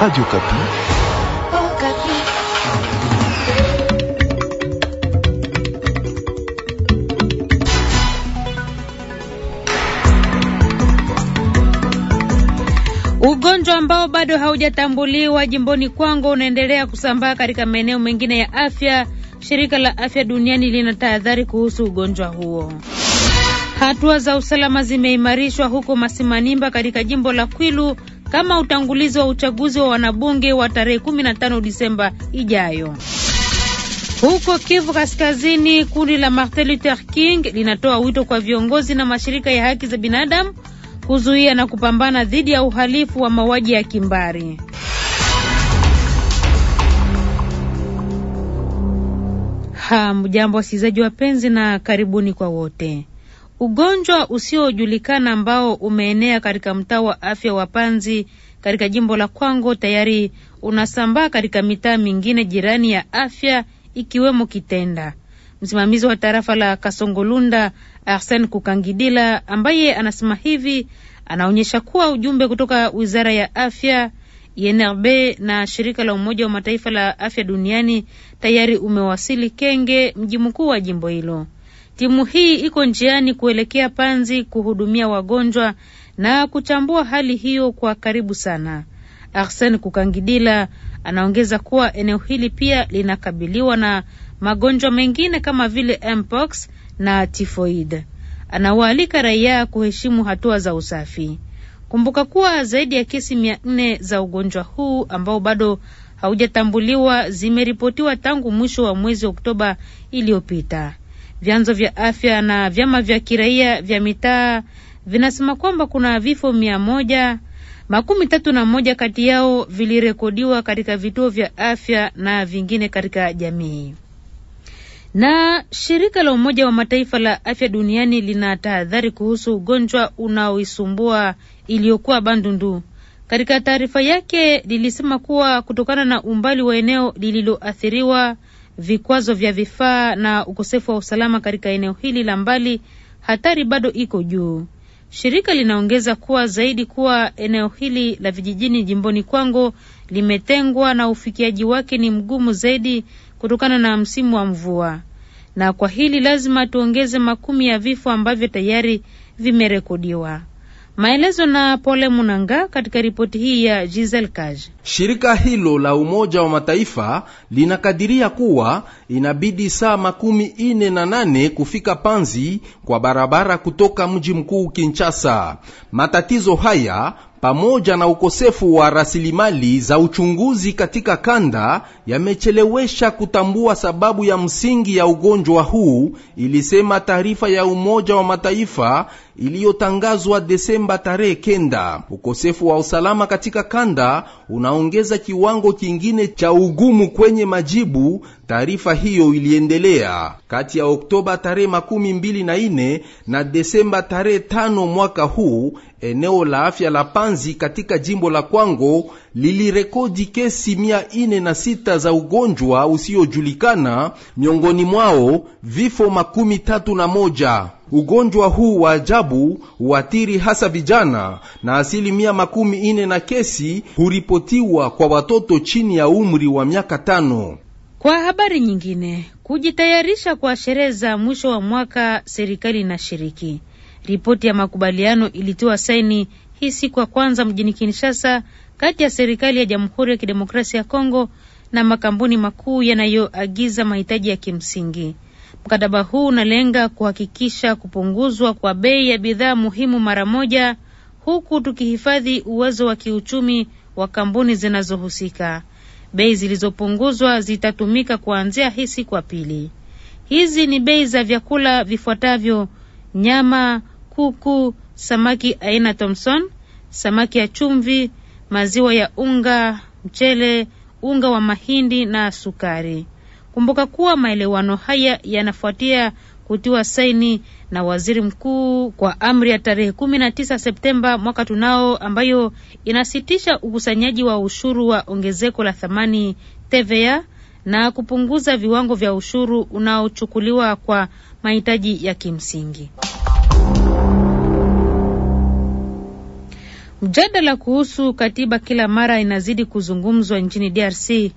Radio Kapi. Oh, Kapi. Ugonjwa ambao bado haujatambuliwa jimboni Kwango unaendelea kusambaa katika maeneo mengine ya afya. Shirika la Afya Duniani lina tahadhari kuhusu ugonjwa huo. Hatua za usalama zimeimarishwa huko Masimanimba katika jimbo la Kwilu kama utangulizi wa uchaguzi wa wanabunge wa tarehe 15 Disemba ijayo. Huko Kivu Kaskazini, kundi la Martin Luther King linatoa wito kwa viongozi na mashirika ya haki za binadamu kuzuia na kupambana dhidi ya uhalifu wa mauaji ya kimbari. Hamjambo wasikilizaji wapenzi, na karibuni kwa wote. Ugonjwa usiojulikana ambao umeenea katika mtaa wa afya wa Panzi katika jimbo la Kwango tayari unasambaa katika mitaa mingine jirani ya afya ikiwemo Kitenda. Msimamizi wa tarafa la Kasongolunda Arsen Kukangidila, ambaye anasema hivi, anaonyesha kuwa ujumbe kutoka wizara ya afya INRB na shirika la Umoja wa Mataifa la afya duniani tayari umewasili Kenge, mji mkuu wa jimbo hilo. Timu hii iko njiani kuelekea Panzi kuhudumia wagonjwa na kuchambua hali hiyo kwa karibu sana. Arsen Kukangidila anaongeza kuwa eneo hili pia linakabiliwa na magonjwa mengine kama vile mpox na tifoid. Anawaalika raia kuheshimu hatua za usafi. Kumbuka kuwa zaidi ya kesi mia nne za ugonjwa huu ambao bado haujatambuliwa zimeripotiwa tangu mwisho wa mwezi Oktoba iliyopita. Vyanzo vya afya na vyama vya kiraia vya mitaa vinasema kwamba kuna vifo mia moja makumi tatu na moja kati yao vilirekodiwa katika vituo vya afya na vingine katika jamii. Na shirika la Umoja wa Mataifa la afya duniani lina tahadhari kuhusu ugonjwa unaoisumbua iliyokuwa Bandundu. Katika taarifa yake lilisema kuwa kutokana na umbali wa eneo lililoathiriwa vikwazo vya vifaa na ukosefu wa usalama katika eneo hili la mbali, hatari bado iko juu. Shirika linaongeza kuwa zaidi kuwa eneo hili la vijijini jimboni Kwango limetengwa na ufikiaji wake ni mgumu zaidi kutokana na msimu wa mvua, na kwa hili lazima tuongeze makumi ya vifo ambavyo tayari vimerekodiwa. Maelezo na Pole Munanga katika ripoti hii ya Gisel Kaj. Shirika hilo la Umoja wa Mataifa linakadiria kuwa inabidi saa makumi ine na nane kufika Panzi kwa barabara kutoka mji mkuu Kinshasa. Matatizo haya pamoja na ukosefu wa rasilimali za uchunguzi katika kanda yamechelewesha kutambua sababu ya msingi ya ugonjwa huu, ilisema taarifa ya Umoja wa Mataifa iliyotangazwa Desemba tarehe kenda. Ukosefu wa usalama katika kanda unaongeza kiwango kingine cha ugumu kwenye majibu, taarifa hiyo iliendelea. Kati ya Oktoba tarehe makumi mbili na ine na Desemba tarehe tano mwaka huu eneo la afya la Panzi katika jimbo la Kwango lilirekodi kesi mia ine na sita za ugonjwa usiojulikana, miongoni mwao vifo makumi tatu na moja. Ugonjwa huu wa ajabu huathiri hasa vijana, na asilimia makumi ine na kesi huripotiwa kwa watoto chini ya umri wa miaka tano. Kwa habari nyingine, kujitayarisha kwa sherehe za mwisho wa mwaka, serikali inashiriki. Ripoti ya makubaliano ilitiwa saini hii siku ya kwanza mjini Kinshasa kati ya serikali ya Jamhuri ya Kidemokrasia ya Kongo na makampuni makuu yanayoagiza mahitaji ya kimsingi. Mkataba huu unalenga kuhakikisha kupunguzwa kwa bei ya bidhaa muhimu mara moja, huku tukihifadhi uwezo wa kiuchumi wa kampuni zinazohusika. Bei zilizopunguzwa zitatumika kuanzia hii siku ya pili. Hizi ni bei za vyakula vifuatavyo: nyama, kuku, samaki aina Thomson, samaki ya chumvi, maziwa ya unga, mchele, unga wa mahindi na sukari. Kumbuka kuwa maelewano haya yanafuatia kutiwa saini na waziri mkuu kwa amri ya tarehe kumi na tisa Septemba mwaka tunao, ambayo inasitisha ukusanyaji wa ushuru wa ongezeko la thamani TVA na kupunguza viwango vya ushuru unaochukuliwa kwa mahitaji ya kimsingi. Mjadala kuhusu katiba kila mara inazidi kuzungumzwa nchini DRC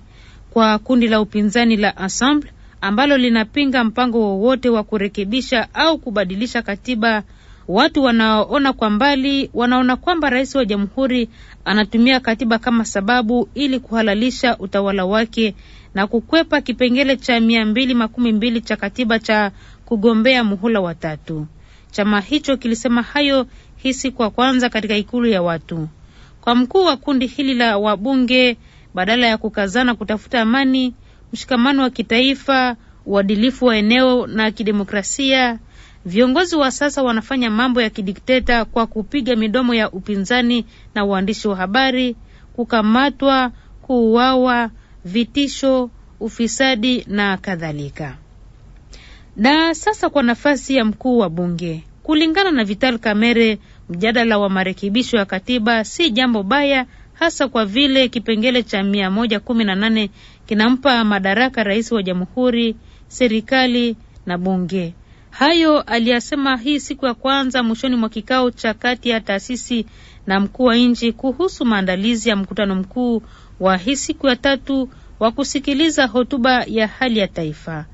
kwa kundi la upinzani la Ensemble ambalo linapinga mpango wowote wa kurekebisha au kubadilisha katiba. Watu wanaoona kwa mbali wanaona kwamba rais wa jamhuri anatumia katiba kama sababu ili kuhalalisha utawala wake na kukwepa kipengele cha mia mbili makumi mbili cha katiba cha kugombea muhula watatu. Chama hicho kilisema hayo hii siku ya kwanza katika ikulu ya watu. Kwa mkuu wa kundi hili la wabunge badala ya kukazana kutafuta amani, mshikamano wa kitaifa, uadilifu wa eneo na kidemokrasia. Viongozi wa sasa wanafanya mambo ya kidikteta kwa kupiga midomo ya upinzani na uandishi wa habari, kukamatwa, kuuawa, vitisho, ufisadi na kadhalika. Na sasa kwa nafasi ya mkuu wa bunge, kulingana na Vital Kamerhe, mjadala wa marekebisho ya katiba si jambo baya hasa kwa vile kipengele cha mia moja kumi na nane kinampa madaraka rais wa jamhuri, serikali na bunge. Hayo aliyasema hii siku ya kwanza mwishoni mwa kikao cha kati ya taasisi na mkuu wa nchi kuhusu maandalizi ya mkutano mkuu wa hii siku ya tatu wa kusikiliza hotuba ya hali ya taifa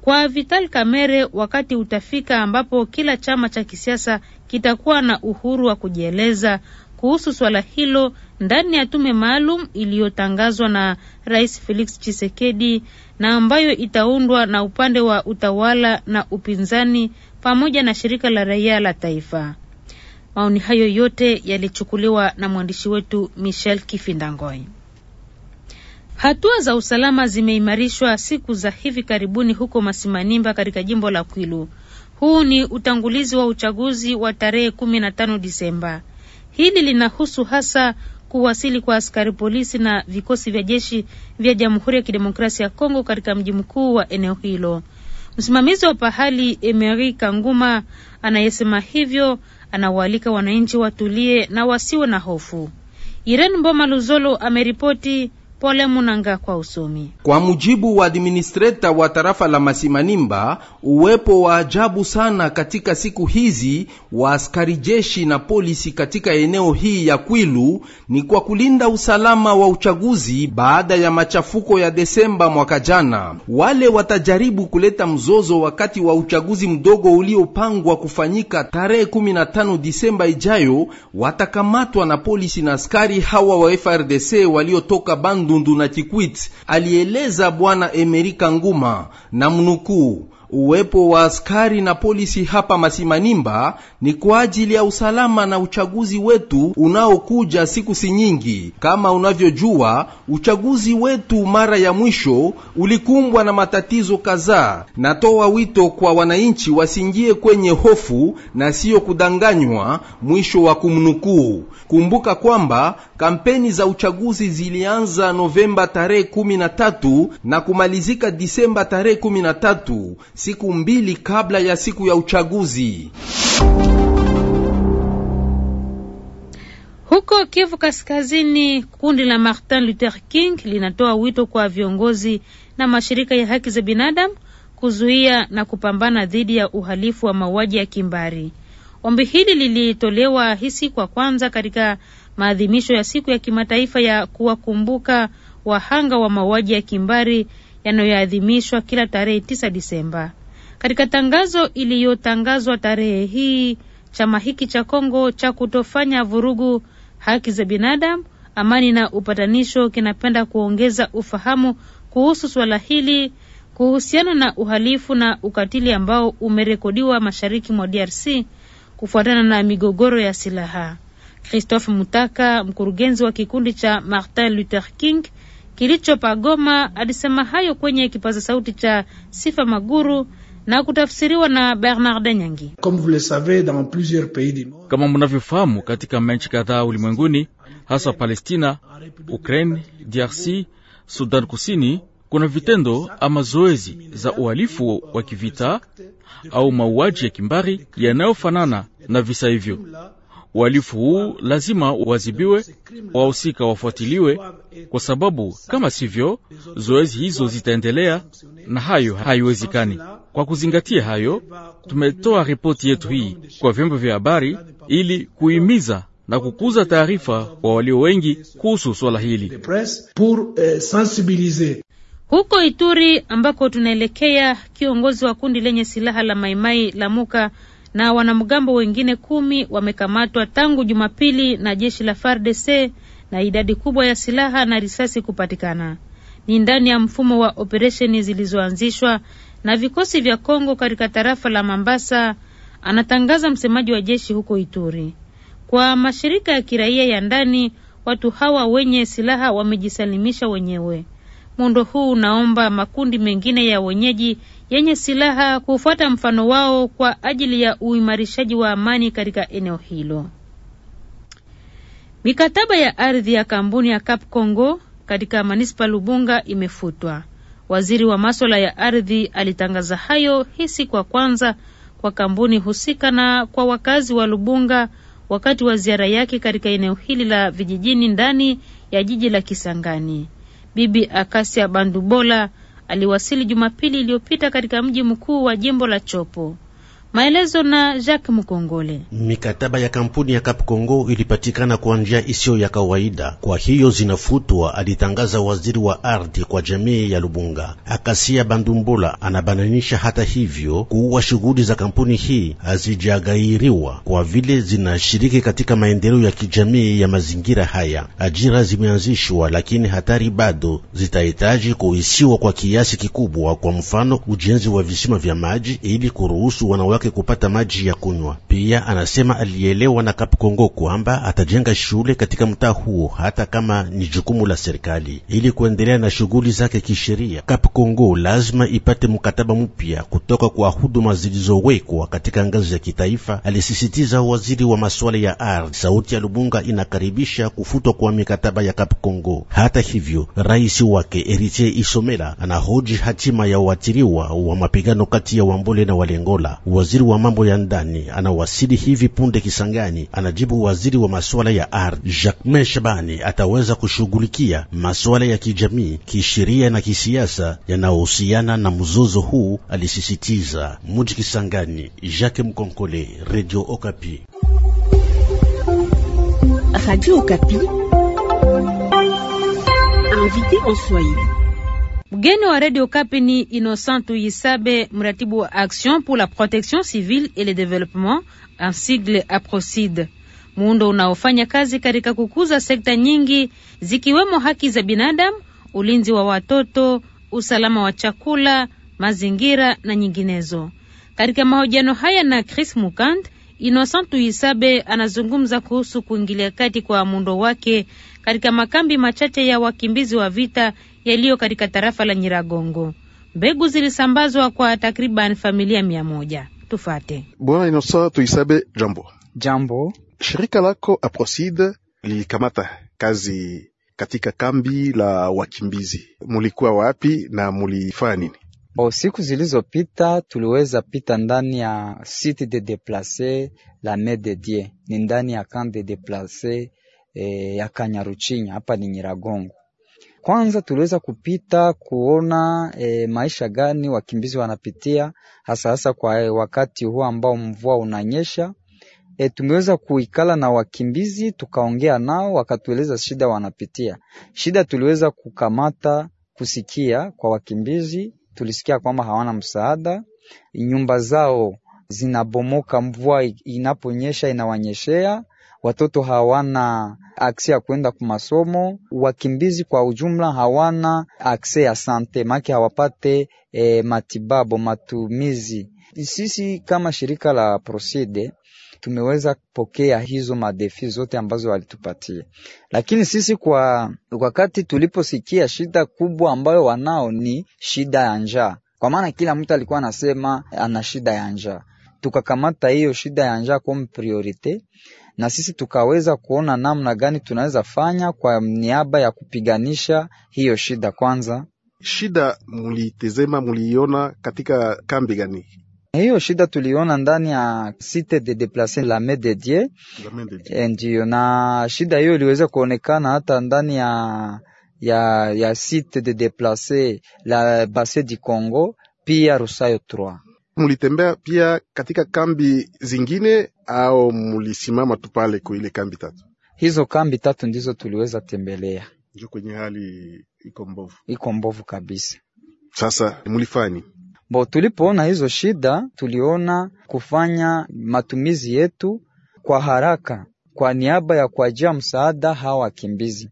kwa Vital Kamerhe. Wakati utafika ambapo kila chama cha kisiasa kitakuwa na uhuru wa kujieleza kuhusu swala hilo ndani ya tume maalum iliyotangazwa na Rais Felix Tshisekedi na ambayo itaundwa na upande wa utawala na upinzani pamoja na shirika la raia la taifa. Maoni hayo yote yalichukuliwa na mwandishi wetu Michel Kifindangoi. Hatua za usalama zimeimarishwa siku za hivi karibuni huko Masimanimba katika jimbo la Kwilu. Huu ni utangulizi wa uchaguzi wa tarehe tano Disemba. Hili linahusu hasa kuwasili kwa askari polisi na vikosi vya jeshi vya Jamhuri ya Kidemokrasia ya Kongo katika mji mkuu wa eneo hilo. Msimamizi wa pahali Emery Kanguma anayesema hivyo anawaalika wananchi watulie na wasiwe na hofu. Irene Mboma Luzolo ameripoti Pole Munanga kwa usomi. Kwa mujibu wa administreta wa tarafa la Masimanimba, uwepo wa ajabu sana katika siku hizi wa askari jeshi na polisi katika eneo hii ya Kwilu ni kwa kulinda usalama wa uchaguzi baada ya machafuko ya Desemba mwaka jana. Wale watajaribu kuleta mzozo wakati wa uchaguzi mdogo uliopangwa kufanyika tarehe 15 Disemba ijayo watakamatwa na polisi na askari hawa wa FRDC waliotoka Bangu Ndundu na Chikwiti alieleza Bwana Emerika Nguma na mnukuu Uwepo wa askari na polisi hapa Masimanimba ni kwa ajili ya usalama na uchaguzi wetu unaokuja siku si nyingi. Kama unavyojua, uchaguzi wetu mara ya mwisho ulikumbwa na matatizo kadhaa. Natoa wito kwa wananchi wasingie kwenye hofu na siyo kudanganywa, mwisho wa kumnukuu. Kumbuka kwamba kampeni za uchaguzi zilianza Novemba tarehe 13 na kumalizika Disemba tarehe 13 siku mbili kabla ya siku ya uchaguzi. Huko Kivu Kaskazini, kundi la Martin Luther King linatoa wito kwa viongozi na mashirika ya haki za binadamu kuzuia na kupambana dhidi ya uhalifu wa mauaji ya kimbari. Ombi hili lilitolewa hisi kwa kwanza katika maadhimisho ya siku ya kimataifa ya kuwakumbuka wahanga wa mauaji ya kimbari yanayoadhimishwa kila tarehe 9 Disemba. Katika tangazo iliyotangazwa tarehe hii, chama hiki cha Kongo cha kutofanya vurugu, haki za binadamu, amani na upatanisho kinapenda kuongeza ufahamu kuhusu swala hili kuhusiana na uhalifu na ukatili ambao umerekodiwa mashariki mwa DRC kufuatana na migogoro ya silaha. Christophe Mutaka, mkurugenzi wa kikundi cha Martin Luther King kilicho Pagoma, alisema hayo kwenye kipaza sauti cha Sifa Maguru na kutafsiriwa na Bernard Nyangi. Kama mnavyofahamu, katika mechi kadhaa ulimwenguni, hasa Palestina, Ukraine, DRC, Sudan Kusini, kuna vitendo ama zoezi za uhalifu wa kivita au mauaji ya kimbari yanayofanana na visa hivyo uhalifu huu lazima uwazibiwe wahusika wafuatiliwe, kwa sababu kama sivyo, zoezi hizo zitaendelea na hayo haiwezekani. Kwa kuzingatia hayo, tumetoa ripoti yetu hii kwa vyombo vya habari ili kuhimiza na kukuza taarifa kwa walio wengi kuhusu swala hili. Huko Ituri ambako tunaelekea, kiongozi wa kundi lenye silaha la Maimai la Muka na wanamgambo wengine kumi wamekamatwa tangu Jumapili na jeshi la FARDC na idadi kubwa ya silaha na risasi kupatikana. Ni ndani ya mfumo wa operesheni zilizoanzishwa na vikosi vya Kongo katika tarafa la Mambasa, anatangaza msemaji wa jeshi huko Ituri. Kwa mashirika ya kiraia ya ndani, watu hawa wenye silaha wamejisalimisha wenyewe. Muundo huu unaomba makundi mengine ya wenyeji yenye silaha kufuata mfano wao kwa ajili ya uimarishaji wa amani katika eneo hilo. Mikataba ya ardhi ya kampuni ya Cap Congo katika manispa Lubunga imefutwa. Waziri wa maswala ya ardhi alitangaza hayo hii siku ya kwanza kwa kampuni husika na kwa wakazi wa Lubunga wakati wa ziara yake katika eneo hili la vijijini ndani ya jiji la Kisangani. Bibi Akasia Bandubola aliwasili Jumapili iliyopita katika mji mkuu wa jimbo la Chopo. Maelezo na Jacques Mukongole. Mikataba ya kampuni ya Cap Congo ilipatikana kwa njia isiyo ya kawaida, kwa hiyo zinafutwa, alitangaza waziri wa ardhi kwa jamii ya Lubunga. Akasia Bandumbula anabananisha hata hivyo kuwa shughuli za kampuni hii hazijagairiwa kwa vile zinashiriki katika maendeleo ya kijamii ya mazingira haya. Ajira zimeanzishwa, lakini hatari bado zitahitaji kuhisiwa kwa kiasi kikubwa, kwa mfano ujenzi wa visima vya maji ili kuruhusu wanawake wake kupata maji ya kunywa. Pia anasema alielewa na Cap Kongo kwamba atajenga shule katika mtaa huo hata kama ni jukumu la serikali. Ili kuendelea na shughuli zake kisheria, Cap Kongo lazima ipate mkataba mpya kutoka kwa huduma zilizowekwa katika ngazi ya kitaifa, alisisitiza waziri wa masuala ya ardhi. Sauti ya Lubunga inakaribisha kufutwa kwa mikataba ya Cap Kongo. Hata hivyo, rais wake eritier Isomela anahoji hatima ya watiriwa wa mapigano kati ya Wambole na Walengola waziri wa mambo ya ndani anawasili hivi punde Kisangani, anajibu waziri wa masuala ya ardhi Jacquemain Shabani ataweza kushughulikia masuala ya kijamii, kisheria na kisiasa yanayohusiana na mzozo huu, alisisitiza. Muji Kisangani, Jacques Mkonkole, Radio Okapi. Radio Okapi. Invité en Swahili. Mgeni wa Radio Kapi ni Innocent Yisabe, mratibu wa Action pour la Protection Civile et le Development, en sigle APROCID, muundo unaofanya kazi katika kukuza sekta nyingi zikiwemo haki za binadamu, ulinzi wa watoto, usalama wa chakula, mazingira na nyinginezo. Katika mahojiano haya na Chris Mukand, Innocent Yisabe anazungumza kuhusu kuingilia kati kwa muundo wake katika makambi machache ya wakimbizi wa vita yaliyo katika tarafa la Nyiragongo. Mbegu zilisambazwa kwa takriban familia mia moja. Tufate Bwana Inosa Tuisabe. Jambo jambo. Shirika lako Aproside lilikamata kazi katika kambi la wakimbizi, mulikuwa wapi na mulifanya nini? Bo, siku zilizopita tuliweza pita ndani ya site de deplace la Main de Dieu, ni ndani ya camp de deplace e, eh, ya Kanyaruchinya hapa ni Nyiragongo kwanza tuliweza kupita kuona e, maisha gani wakimbizi wanapitia hasa hasa kwa eh, wakati huu ambao mvua unanyesha. E, eh, tumeweza kuikala na wakimbizi tukaongea nao, wakatueleza shida wanapitia. Shida tuliweza kukamata kusikia kwa wakimbizi, tulisikia kwamba hawana msaada, nyumba zao zinabomoka, mvua inaponyesha inawanyeshea watoto hawana akse ya kwenda kumasomo, wakimbizi kwa ujumla hawana akse ya sante make hawapate e, matibabu matumizi. Sisi kama shirika la Proside tumeweza pokea hizo madefi zote ambazo walitupatia, lakini sisi kwa wakati tuliposikia shida kubwa ambayo wanao ni shida ya njaa, kwa maana kila mtu alikuwa anasema ana shida ya njaa tukakamata hiyo shida ya njaa kwa priorite, na sisi tukaweza kuona namna gani tunaweza fanya kwa niaba ya kupiganisha hiyo shida. Kwanza shida mulitezema, muliiona katika kambi gani? Hiyo shida tuliona ndani ya site de deplace la main de Dieu, ndio na shida hiyo iliweza kuonekana hata ndani ya ya ya site de deplace la base du Congo, pia Rusayo 3 mulitembea pia katika kambi zingine au mulisimama tu pale kwa ile kambi tatu? Hizo kambi tatu ndizo tuliweza tembelea. Ndio kwenye hali iko mbovu, iko mbovu kabisa. Sasa mulifani bo, tulipoona hizo shida, tuliona kufanya matumizi yetu kwa haraka kwa niaba ya kuajia msaada hawa wakimbizi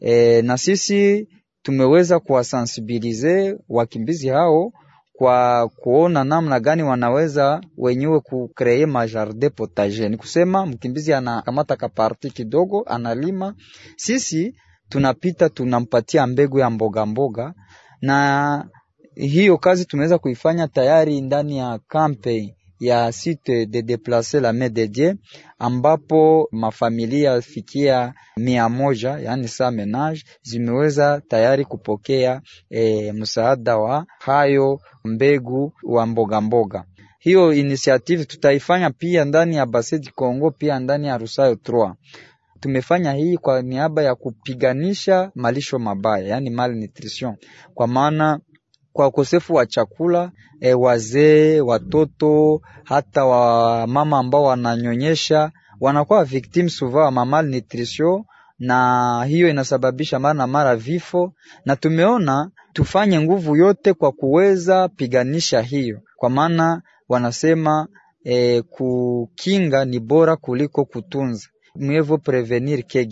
e, na sisi tumeweza kuwasensibilize wakimbizi hao kwa kuona namna gani wanaweza wenyewe kukree majardin potager. Ni kusema mkimbizi anakamata parti kidogo, analima, sisi tunapita tunampatia mbegu ya mboga mboga, na hiyo kazi tumeweza kuifanya tayari ndani ya campaign ya site de deplace la main de Dieu, ambapo mafamilia fikia mia moja yani sa menage zimeweza tayari kupokea e, msaada wa hayo mbegu wa mbogamboga mboga. Hiyo initiative tutaifanya pia ndani ya Basedi Kongo, pia ndani ya Rusayo 3 tumefanya hii kwa niaba ya kupiganisha malisho mabaya, yani malnutrition, kwa maana kwa ukosefu wa chakula e, wazee, watoto, hata wamama ambao wananyonyesha wanakuwa victim suva wa mamal nutrition, na hiyo inasababisha mara na mara vifo, na tumeona tufanye nguvu yote kwa kuweza piganisha hiyo, kwa maana wanasema e, kukinga ni bora kuliko kutunza, mwevo prevenir que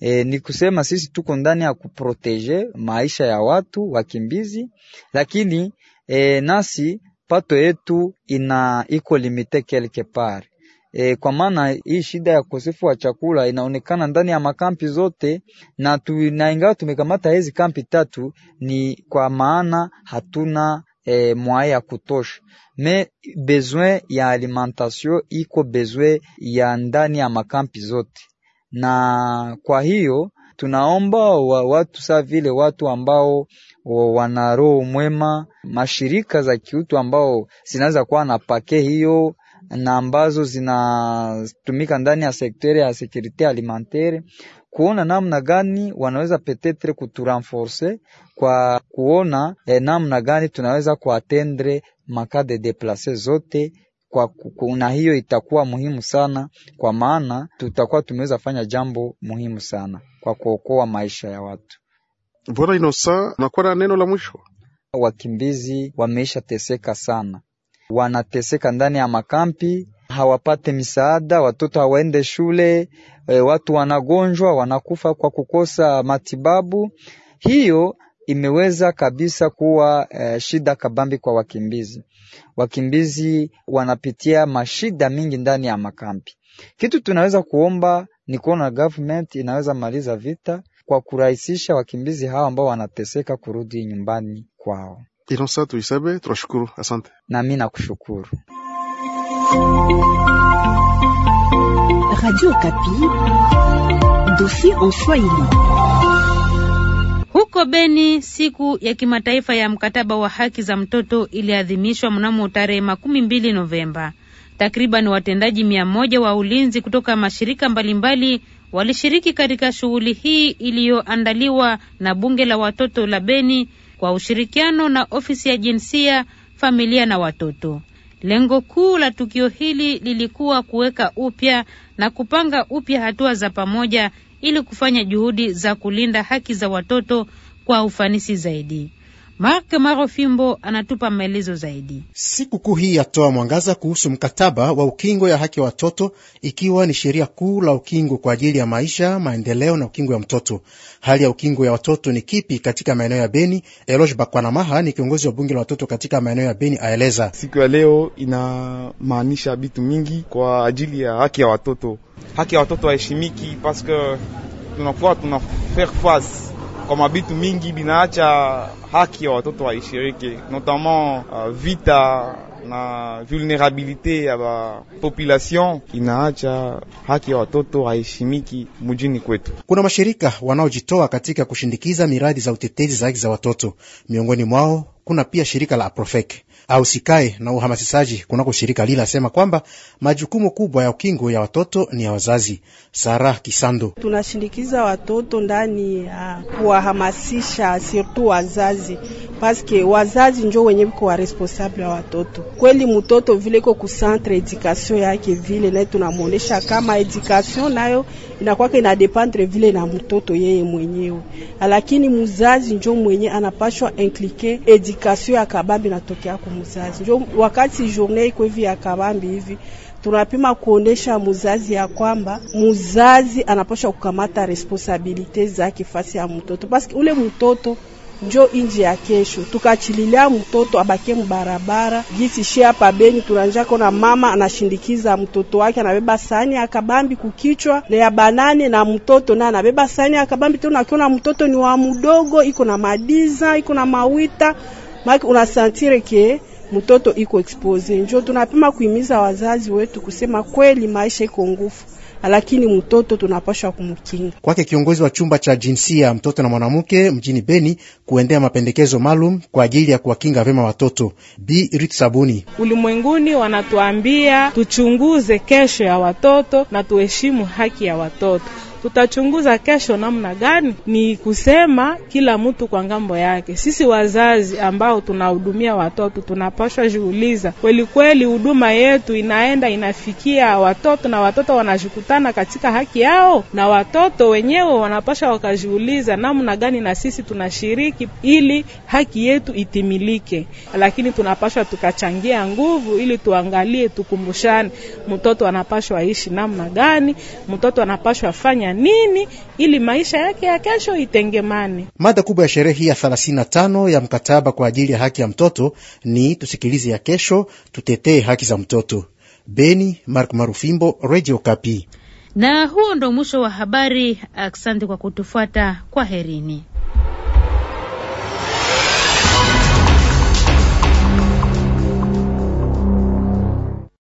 E, ni kusema sisi tuko ndani ya kuproteje maisha ya watu wakimbizi, lakini e, nasi pato yetu ina iko limite quelque part e, kwa maana hii shida ya ukosefu wa chakula inaonekana ndani ya makampi zote, na, tu, na ingawa tumekamata hizi kampi tatu ni kwa maana hatuna e, mwaya ya kutosha me besoin ya alimentation iko besoin ya ndani ya makampi zote na kwa hiyo tunaomba wa watu saa vile watu ambao wana roho mwema, mashirika za kiutu ambao zinaweza kuwa na pake hiyo na ambazo zinatumika ndani ya sekteri ya sekurite alimentaire, kuona namna gani wanaweza petetre kuturenforce kwa kuona eh, namna gani tunaweza kuatendre maka de deplase zote kwa na hiyo itakuwa muhimu sana, kwa maana tutakuwa tumeweza fanya jambo muhimu sana kwa kuokoa maisha ya watu. Bwana Inosa, nakuwa na neno la mwisho. Wakimbizi wameisha teseka sana, wanateseka ndani ya makampi, hawapate misaada, watoto hawaende shule, e, watu wanagonjwa, wanakufa kwa kukosa matibabu. Hiyo imeweza kabisa kuwa eh, shida kabambi kwa wakimbizi. Wakimbizi wanapitia mashida mingi ndani ya makampi. Kitu tunaweza kuomba ni kuona government inaweza maliza vita kwa kurahisisha wakimbizi hao ambao wanateseka kurudi nyumbani kwao. Innocent Tuisabe, tunashukuru, asante. Na mimi nakushukuru. Radio dossier en Swahili. Huko Beni, siku ya kimataifa ya mkataba wa haki za mtoto iliadhimishwa mnamo tarehe makumi mbili Novemba. Takriban watendaji mia moja wa ulinzi kutoka mashirika mbalimbali walishiriki katika shughuli hii iliyoandaliwa na bunge la watoto la Beni kwa ushirikiano na ofisi ya jinsia, familia na watoto. Lengo kuu la tukio hili lilikuwa kuweka upya na kupanga upya hatua za pamoja ili kufanya juhudi za kulinda haki za watoto kwa ufanisi zaidi. Mark Marofimbo anatupa maelezo zaidi. Sikukuu hii yatoa mwangaza kuhusu mkataba wa ukingo ya haki ya watoto, ikiwa ni sheria kuu la ukingo kwa ajili ya maisha, maendeleo na ukingo ya mtoto. Hali ya ukingo ya watoto ni kipi katika maeneo ya Beni? Eloge Bakwanamaha ni kiongozi wa bunge la watoto katika maeneo ya Beni, aeleza siku ya leo inamaanisha vitu mingi kwa ajili ya haki ya watoto. Haki ya watoto haheshimiki paske tunakuwa tuna faire face kwa mabitu mingi binaacha haki ya watoto waishiriki, notamment uh, vita na vulnerabilite ya ba population inaacha haki ya watoto haishimiki mjini kwetu. Kuna mashirika wanaojitoa katika kushindikiza miradi za utetezi za haki za watoto, miongoni mwao kuna pia shirika la Aprofec ausikae na uhamasishaji kunako shirika lile, asema kwamba majukumu kubwa ya ukingo ya watoto ni ya wazazi. Sara Kisando: tunashindikiza watoto ndani ya kuwahamasisha sirtu wazazi, paske wazazi njo wenye viko wa responsable wa watoto. Kweli mtoto vile iko centre education yake vile naye tunamwonyesha kama education nayo inakwaka inadependre vile na mtoto yeye mwenyewe, lakini mzazi njo mwenye anapashwa inclique education ya kababi natokea kwa mzazi. Njo wakati journee iko hivi ya kabambi hivi tunapima kuonesha muzazi ya kwamba muzazi anapasha kukamata responsabilite zake fasi ya mtoto, basi ule mtoto njo inji ya kesho. Tukachililia mtoto abakie mbarabara gisi she hapa Beni tunanja kona mama anashindikiza mtoto wake anabeba sani ya kabambi kukichwa na ya banane, na mtoto naye anabeba sani ya kabambi tena, akiona mtoto ni wa mdogo, iko na madiza iko na mawita maki unasantire ke mtoto iko expose. Njo tunapima kuimiza wazazi wetu kusema kweli maisha iko nguvu, lakini mtoto tunapashwa kumkinga. Kwake kiongozi wa chumba cha jinsia mtoto na mwanamke mjini Beni kuendea mapendekezo maalum kwa ajili ya kuwakinga vyema watoto. b Rit Sabuni: ulimwenguni wanatuambia tuchunguze kesho ya watoto na tuheshimu haki ya watoto tutachunguza kesho namna gani. Ni kusema kila mtu kwa ngambo yake. Sisi wazazi ambao tunahudumia watoto tunapaswa jiuliza kweli kweli, huduma yetu inaenda inafikia watoto na watoto wanashikutana katika haki yao, na watoto wenyewe wanapaswa wakajiuliza namna gani na sisi tunashiriki ili haki yetu itimilike, lakini tunapaswa tukachangia nguvu ili tuangalie, tukumbushane, mtoto anapaswa aishi namna gani, mtoto anapaswa fanya nini ili maisha yake ya kesho itengemane. Mada kubwa ya sherehe hii ya 35 ya mkataba kwa ajili ya haki ya mtoto ni tusikilize ya kesho, tutetee haki za mtoto. Beni, Mark Marufimbo, Radio Kapi. Na huo ndo mwisho wa habari. Asante kwa kutufuata, kwaherini.